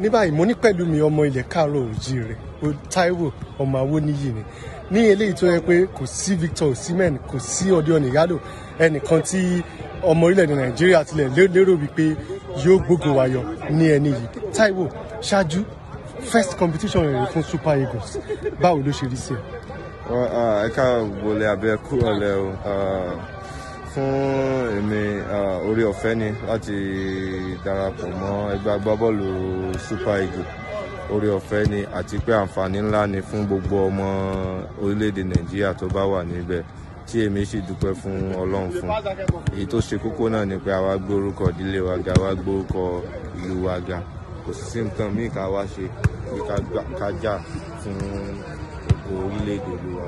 ní báyìí mo ní pẹ̀lú mi ọmọ ilẹ̀ káàárọ̀ oòjíire Táíwò ọmọ Awóníyì ni ní eléyìí tó yẹ pé kò sí Victor Osimhen kò sí Odion Ighalo ẹnìkan tí ọmọ orílẹ̀-èdè Nàìjíríà tilẹ̀ lérò wípé yóò gbógun wayọ ní ẹni yìí Táíwò ṣáájú first competition rẹ̀ fún Super Eagles báwo ló ṣe rí sí ẹ. ẹ ká wọlé abẹ́ kúrò lẹ́ o fún èmi orí ọ̀fẹ́ ni láti darapọ̀ mọ́ ẹgbẹ́ agbábọ́ọ̀lù Super Eagles orí ọ̀fẹ́ ni àti pé àǹfààní ńlá ni fún gbogbo ọmọ orílẹ̀-èdè Nàìjíríà tó bá wà níbẹ̀ tí èmi sì dúpẹ́ fún Ọlọ́run fún èyí tó ṣe kókó náà ni pé àwa gbé orúkọ ìdílé wa ga àwa gbé orúkọ ìlú wa ga kò sí nǹkan míì ká wá ṣe ká jà fún gbogbo orílẹ̀-èdè ìlú wa.